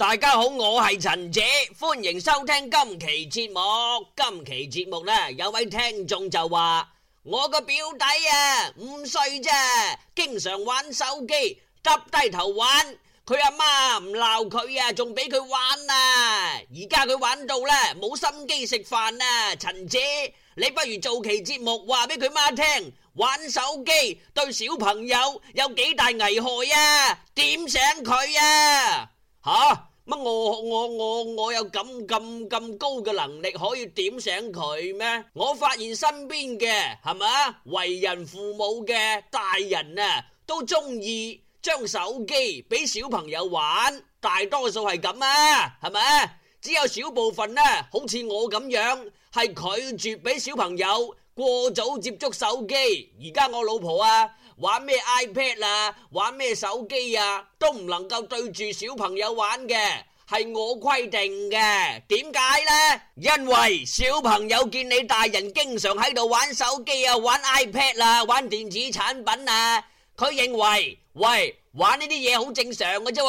大家好，我係陳姐，歡迎收聽今期節目。今期節目呢，有位聽眾就話：我個表弟啊，五歲啫，經常玩手機，耷低頭玩。佢阿媽唔鬧佢啊，仲俾佢玩啊。而家佢玩到呢，冇心機食飯啊。陳姐，你不如做期節目，話俾佢媽聽，玩手機對小朋友有幾大危害啊？點醒佢啊？有咁咁咁高嘅能力可以點醒佢咩？我發現身邊嘅係咪啊？為人父母嘅大人啊，都中意將手機俾小朋友玩，大多數係咁啊，係咪啊？只有少部分呢，好似我咁樣係拒絕俾小朋友過早接觸手機。而家我老婆啊，玩咩 iPad 啊，玩咩手機啊，都唔能夠對住小朋友玩嘅。係我規定嘅，點解呢？因為小朋友見你大人經常喺度玩手機啊、玩 iPad 啊、玩電子產品啊，佢認為喂玩呢啲嘢好正常嘅啫，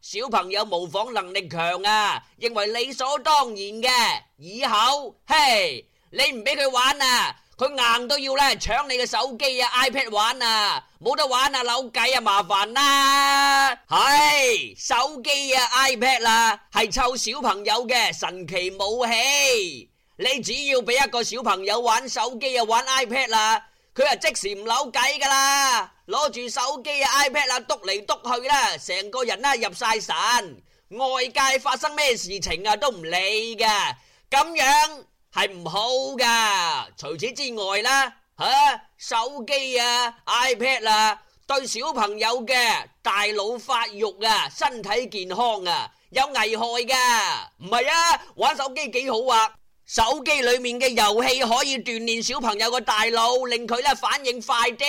小朋友模仿能力強啊，認為理所當然嘅。以後，嘿，你唔俾佢玩啊！佢硬都要咧搶你嘅手機啊 iPad 玩啊，冇得玩啊，扭計啊麻煩啦，係手機啊 iPad 啦，係湊小朋友嘅神奇武器。你只要俾一個小朋友玩手機啊玩 iPad 啦，佢就即時唔扭計噶啦，攞住手機啊 iPad 啦篤嚟篤去啦，成個人啦、啊、入晒神，外界發生咩事情啊都唔理噶，咁樣。係唔好噶，除此之外啦，吓手機啊、iPad 啊，對小朋友嘅大腦發育啊、身體健康啊，有危害噶。唔係啊，玩手機幾好啊？手機裏面嘅遊戲可以鍛煉小朋友個大腦，令佢咧反應快啲，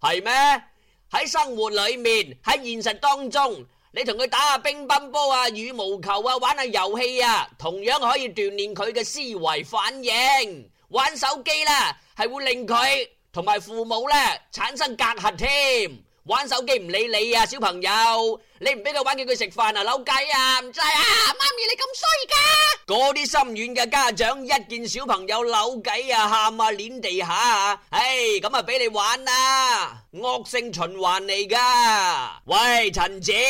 係咩？喺生活裏面，喺現實當中。你同佢打下乒乓波啊、羽毛球啊、玩下、啊、遊戲啊，同樣可以鍛煉佢嘅思維反應。玩手機啦、啊，係會令佢同埋父母咧產生隔閡添。玩手機唔理你啊，小朋友，你唔俾佢玩叫佢食飯啊，扭計啊，唔制啊，媽咪你咁衰噶？嗰啲心軟嘅家長一見小朋友扭計啊，喊啊，碾地下啊，唉、哎，咁啊俾你玩啊。惡性循環嚟噶。喂，陳姐，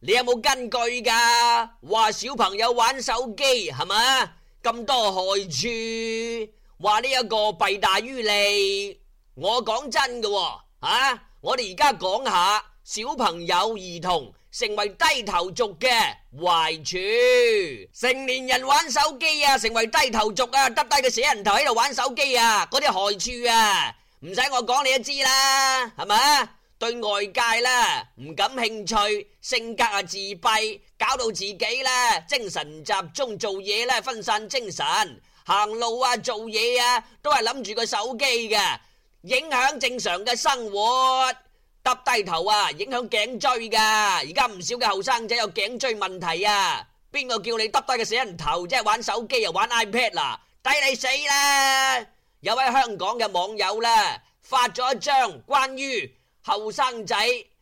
你有冇根據噶？話小朋友玩手機係咪？咁多害處，話呢一個弊大於利。我講真嘅、啊，啊。我哋而家講下小朋友，兒童成為低頭族嘅壞處。成年人玩手機啊，成為低頭族啊，耷低個死人頭喺度玩手機啊，嗰啲害處啊，唔使我講你都知啦，係咪啊？對外界啦唔感興趣，性格啊自閉，搞到自己啦精神唔集中做嘢啦分散精神，行路啊做嘢啊都係諗住個手機嘅。影響正常嘅生活，耷低頭啊，影響頸椎噶。而家唔少嘅後生仔有頸椎問題啊。邊個叫你耷低個死人頭啫？即係玩手機又玩 iPad 啦，抵你死啦！有位香港嘅網友啦，發咗一張關於後生仔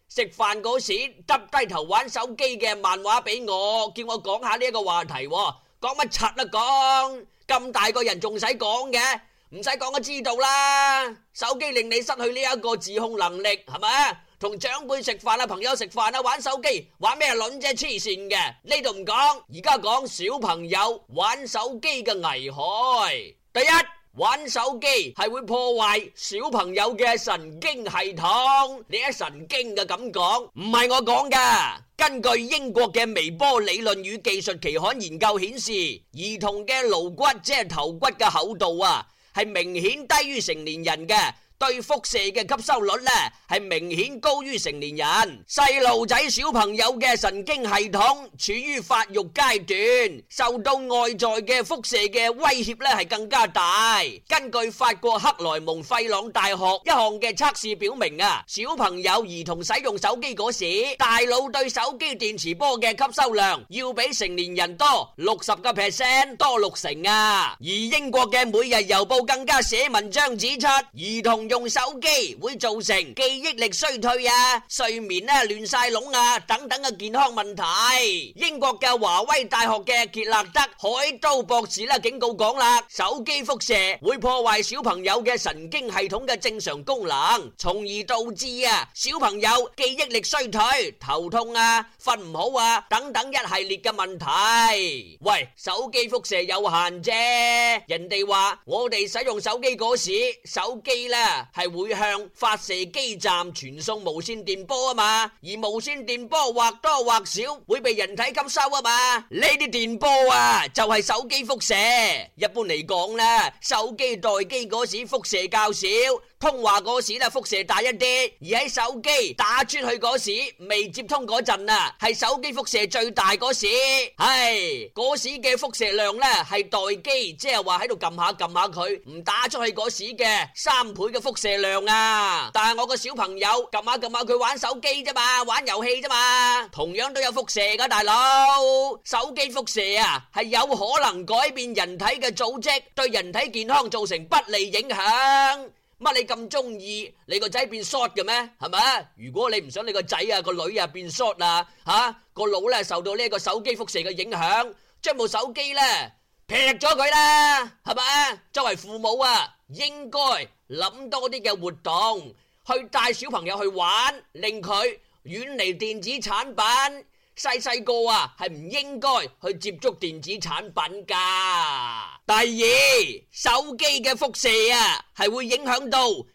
食飯嗰時耷低頭玩手機嘅漫畫俾我，叫我講下呢一個話題喎。講乜柒啊？講咁大個人仲使講嘅？唔使講，我知道啦。手機令你失去呢一個自控能力，係咪啊？同長輩食飯啦，朋友食飯啦，玩手機玩咩卵啫？痴線嘅，呢度唔講，而家講小朋友玩手機嘅危害。第一，玩手機係會破壞小朋友嘅神經系統。你一神經嘅咁講，唔係我講噶，根據英國嘅微波理論與技術期刊研究顯示，兒童嘅顱骨即係頭骨嘅厚度啊。係明顯低於成年人嘅。對輻射嘅吸收率呢，係明顯高於成年人。細路仔小朋友嘅神經系統處於發育階段，受到外在嘅輻射嘅威脅呢係更加大。根據法國克萊蒙費朗大學一項嘅測試表明啊，小朋友兒童使用手機嗰時，大腦對手機電磁波嘅吸收量要比成年人多六十個 percent 多六成啊。而英國嘅每日郵報更加寫文章指出，兒童。用手機會造成記憶力衰退啊、睡眠啊、亂晒籠啊等等嘅健康問題。英國嘅華威大學嘅杰立德海都博士啦警告講啦，手機輻射會破壞小朋友嘅神經系統嘅正常功能，從而導致啊小朋友記憶力衰退、頭痛啊、瞓唔好啊等等一系列嘅問題。喂，手機輻射有限啫，人哋話我哋使用手機嗰時，手機啦。係會向發射基站傳送無線電波啊嘛，而無線電波或多或少會被人體吸收啊嘛，呢啲電波啊就係手機輻射。一般嚟講啦，手機待機嗰時輻射較少。通話嗰時啦，輻射大一啲；而喺手機打出去嗰時，未接通嗰陣啊，係手機輻射最大嗰時。唉，嗰時嘅輻射量呢係待機，即係話喺度撳下撳下佢，唔打出去嗰時嘅三倍嘅輻射量啊。但係我個小朋友撳下撳下佢玩手機啫嘛，玩遊戲啫嘛，同樣都有輻射噶，大佬。手機輻射啊，係有可能改變人體嘅組織，對人體健康造成不利影響。乜你咁中意？你個仔變 short 嘅咩？係咪啊？如果你唔想你個仔啊個女啊變 short 啊，吓個腦咧受到呢個手機輻射嘅影響，將部手機咧劈咗佢啦，係咪啊？作為父母啊，應該諗多啲嘅活動去帶小朋友去玩，令佢遠離電子產品。細細個啊，係唔應該去接觸電子產品噶。第二，手機嘅輻射啊，係會影響到。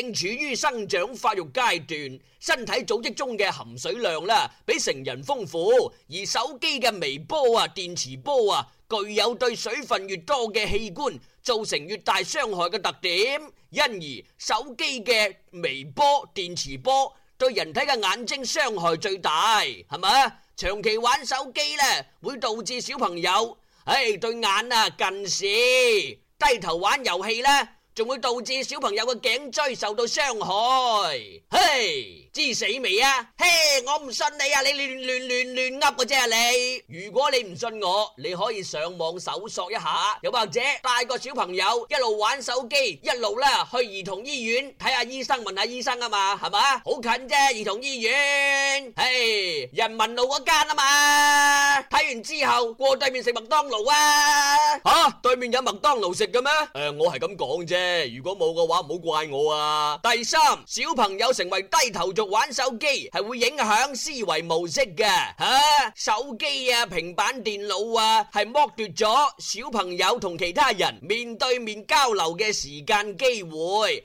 正處於生長發育階段，身體組織中嘅含水量啦，比成人豐富。而手機嘅微波啊、電磁波啊，具有對水分越多嘅器官造成越大傷害嘅特點。因而，手機嘅微波、電磁波對人體嘅眼睛傷害最大，係咪啊？長期玩手機咧，會導致小朋友唉、哎、對眼啊近視，低頭玩遊戲咧。仲會導致小朋友嘅頸椎受到傷害。嘿，知死未啊？嘿，我唔信你啊！你亂亂亂亂噏嘅啫啊你。如果你唔信我，你可以上網搜索一下，又或者帶個小朋友一路玩手機，一路啦去兒童醫院睇下醫生，問下醫生啊嘛，係嘛？好近啫，兒童醫院。嘿，人民路嗰間啊嘛。睇完之後過對面食麥當勞啊。吓，對面有麥當勞食嘅咩？誒，我係咁講啫。如果冇嘅話，唔好怪我啊！第三，小朋友成為低頭族玩手機，係會影響思維模式嘅。吓、啊，手機啊，平板電腦啊，係剝奪咗小朋友同其他人面對面交流嘅時間機會。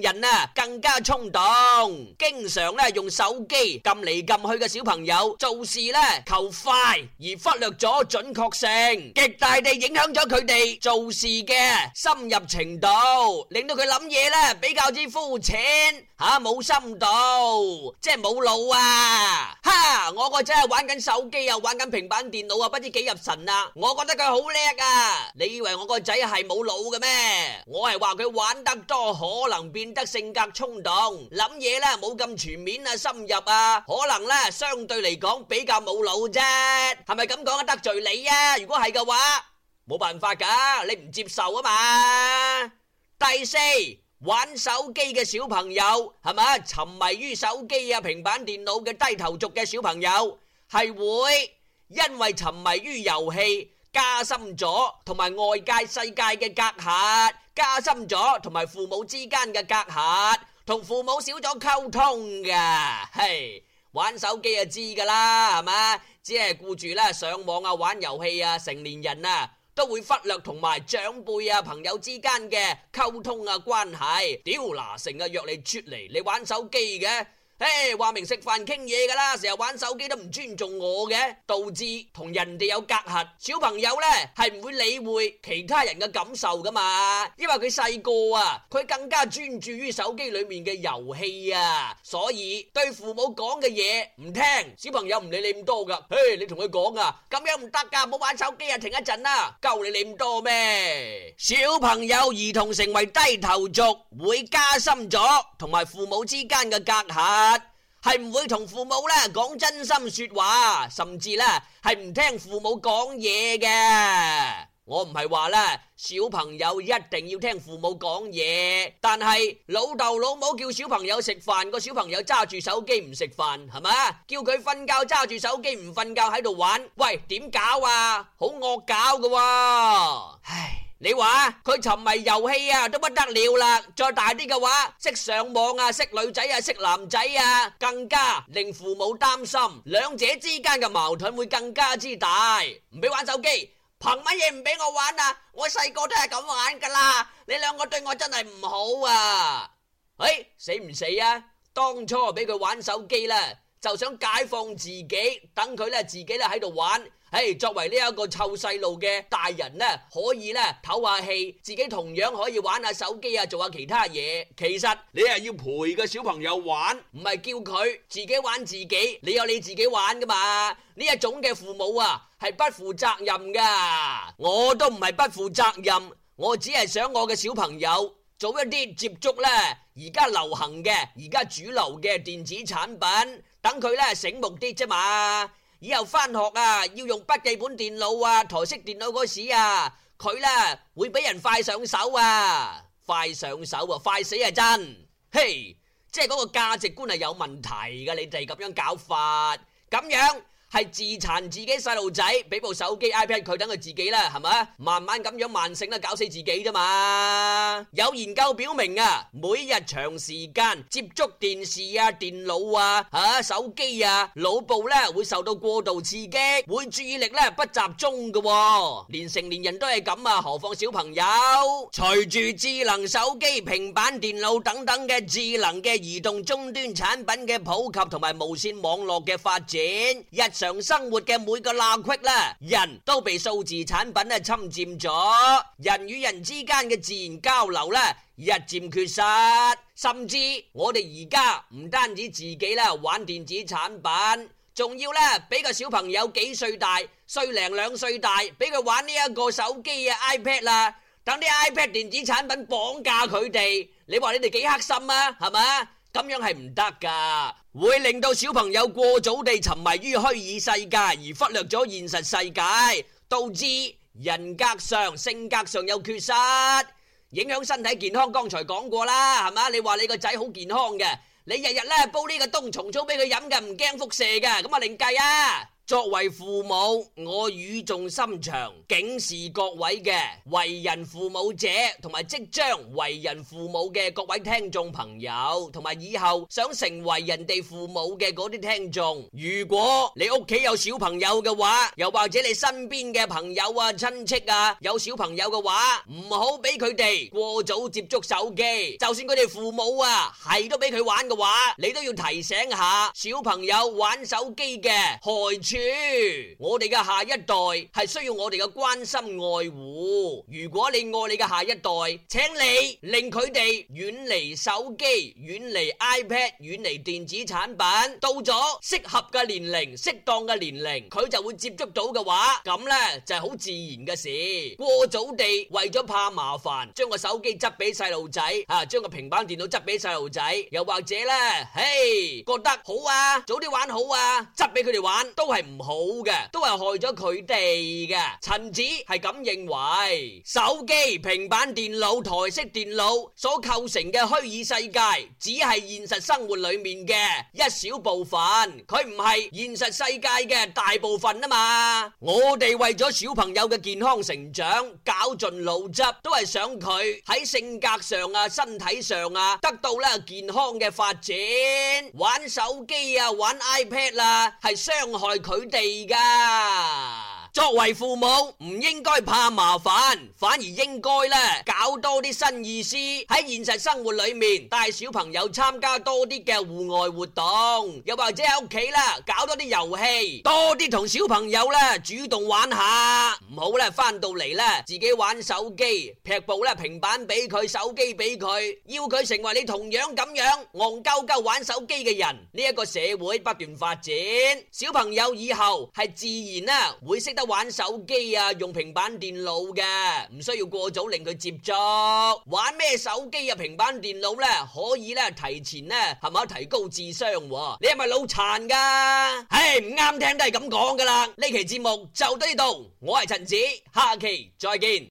人啊，更加衝動，經常咧用手機撳嚟撳去嘅小朋友，做事咧求快而忽略咗準確性，極大地影響咗佢哋做事嘅深入程度，令到佢諗嘢咧比較之膚淺，吓冇深度，即係冇腦啊！哈，我個仔係玩緊手機又玩緊平板電腦啊，不知幾入神啊！我覺得佢好叻啊！你以為我個仔係冇腦嘅咩？我係話佢玩得多可能變。變得性格衝動，諗嘢咧冇咁全面啊、深入啊，可能咧相對嚟講比較冇腦啫。係咪咁講得罪你啊？如果係嘅話，冇辦法噶，你唔接受啊嘛。第四，玩手機嘅小朋友係咪啊？沉迷於手機啊、平板電腦嘅低頭族嘅小朋友係會因為沉迷於遊戲。加深咗同埋外界世界嘅隔閡，加深咗同埋父母之間嘅隔閡，同父母少咗溝通嘅，嘿、hey，玩手機就知㗎啦，係咪？只係顧住咧上網啊，玩遊戲啊，成年人啊都會忽略同埋長輩啊朋友之間嘅溝通啊關係。屌嗱，成日約你出嚟，你玩手機嘅。誒，話明食飯傾嘢噶啦，成日玩手機都唔尊重我嘅，導致同人哋有隔閡。小朋友呢係唔會理會其他人嘅感受噶嘛，因為佢細個啊，佢更加專注於手機裏面嘅遊戲啊，所以對父母講嘅嘢唔聽。小朋友唔理你咁多噶，誒，你同佢講啊，咁樣唔得噶，唔好玩手機啊，停一陣啦，夠你理咁多咩？小朋友、兒童成為低頭族，會加深咗同埋父母之間嘅隔閡。係唔會同父母咧講真心說話，甚至咧係唔聽父母講嘢嘅。我唔係話啦，小朋友一定要聽父母講嘢，但係老豆老母叫小朋友食飯，個小朋友揸住手機唔食飯，係咪？叫佢瞓覺揸住手機唔瞓覺喺度玩，喂，點搞啊？好惡搞噶啊，唉。你話佢沉迷遊戲啊，都不得了啦！再大啲嘅話，識上網啊，識女仔啊，識男仔啊，更加令父母擔心，兩者之間嘅矛盾會更加之大。唔俾玩手機，憑乜嘢唔俾我玩啊？我細個都係咁玩噶啦！你兩個對我真係唔好啊！唉，死唔死啊？當初俾佢玩手機啦，就想解放自己，等佢咧自己咧喺度玩。誒，hey，作為呢一個臭細路嘅大人呢，可以呢唞下氣，自己同樣可以玩下手機啊，做下其他嘢。其實你係要陪個小朋友玩，唔係叫佢自己玩自己。你有你自己玩噶嘛？呢一種嘅父母啊，係不負責任噶。我都唔係不負責任，我只係想我嘅小朋友早一啲接觸呢。而家流行嘅，而家主流嘅電子產品，等佢呢醒目啲啫嘛。以後返學啊，要用筆記本電腦啊，台式電腦嗰時啊，佢呢會俾人快上手啊，快上手啊，快死啊真，嘿，即係嗰個價值觀係有問題噶，你哋咁樣搞法，咁樣。係自殘自己細路仔，俾部手機 iPad 佢，等佢自己啦，係咪？慢慢咁樣慢性啦，搞死自己啫嘛！有研究表明啊，每日長時間接觸電視啊、電腦啊、吓手機啊，腦部咧會受到過度刺激，會注意力咧不集中嘅，連成年人都係咁啊，何況小朋友？隨住智能手機、平板電腦等等嘅智能嘅移動終端產品嘅普及同埋無線網絡嘅發展，日常生活嘅每個罅隙啦，人都被數字產品咧侵占咗，人與人之間嘅自然交流咧日漸缺失，甚至我哋而家唔單止自己啦玩電子產品，仲要咧俾個小朋友幾歲大，歲零兩歲大，俾佢玩呢一個手機啊 iPad 啦，等啲 iPad 電子產品綁架佢哋，你話你哋幾黑心啊？係咪？咁樣係唔得噶，會令到小朋友過早地沉迷於虛擬世界，而忽略咗現實世界，導致人格上、性格上有缺失，影響身體健康。剛才講過啦，係嘛？你話你個仔好健康嘅，你日日呢煲呢個冬蟲草俾佢飲嘅，唔驚輻射嘅，咁啊另計啊！作為父母，我語重心長，警示各位嘅為人父母者同埋即將為人父母嘅各位聽眾朋友，同埋以後想成為人哋父母嘅嗰啲聽眾，如果你屋企有小朋友嘅話，又或者你身邊嘅朋友啊、親戚啊有小朋友嘅話，唔好俾佢哋過早接觸手機。就算佢哋父母啊係都俾佢玩嘅話，你都要提醒下小朋友玩手機嘅害處。我哋嘅下一代係需要我哋嘅關心愛護。如果你愛你嘅下一代，請你令佢哋遠離手機、遠離 iPad、遠離電子產品。到咗適合嘅年齡、適當嘅年齡，佢就會接觸到嘅話，咁呢就係好自然嘅事。過早地為咗怕麻煩，將個手機執俾細路仔啊，將個平板電腦執俾細路仔，又或者呢，嘿，覺得好啊，早啲玩好啊，執俾佢哋玩都係。唔好嘅，都係害咗佢哋嘅。陳子係咁認為，手機、平板電腦、台式電腦所構成嘅虛擬世界，只係現實生活裏面嘅一小部分，佢唔係現實世界嘅大部分啊嘛。我哋為咗小朋友嘅健康成長，絞盡腦汁，都係想佢喺性格上啊、身體上啊，得到咧健康嘅發展。玩手機啊，玩 iPad 啦，係傷害佢。佢哋噶。作為父母唔應該怕麻煩，反而應該咧，搞多啲新意思喺現實生活裏面，帶小朋友參加多啲嘅戶外活動，又或者喺屋企啦搞多啲遊戲，多啲同小朋友啦主動玩下，唔好啦翻到嚟啦自己玩手機，劈部咧平板俾佢，手機俾佢，要佢成為你同樣咁樣戇鳩鳩玩手機嘅人。呢一個社會不斷發展，小朋友以後係自然啦會識得。玩手機啊，用平板電腦嘅，唔需要過早令佢接觸。玩咩手機啊，平板電腦呢，可以呢，提前呢，係咪提高智商啊？你係咪腦殘噶？唉，唔啱聽都係咁講噶啦。呢期節目就到呢度，我係陳子，下期再見。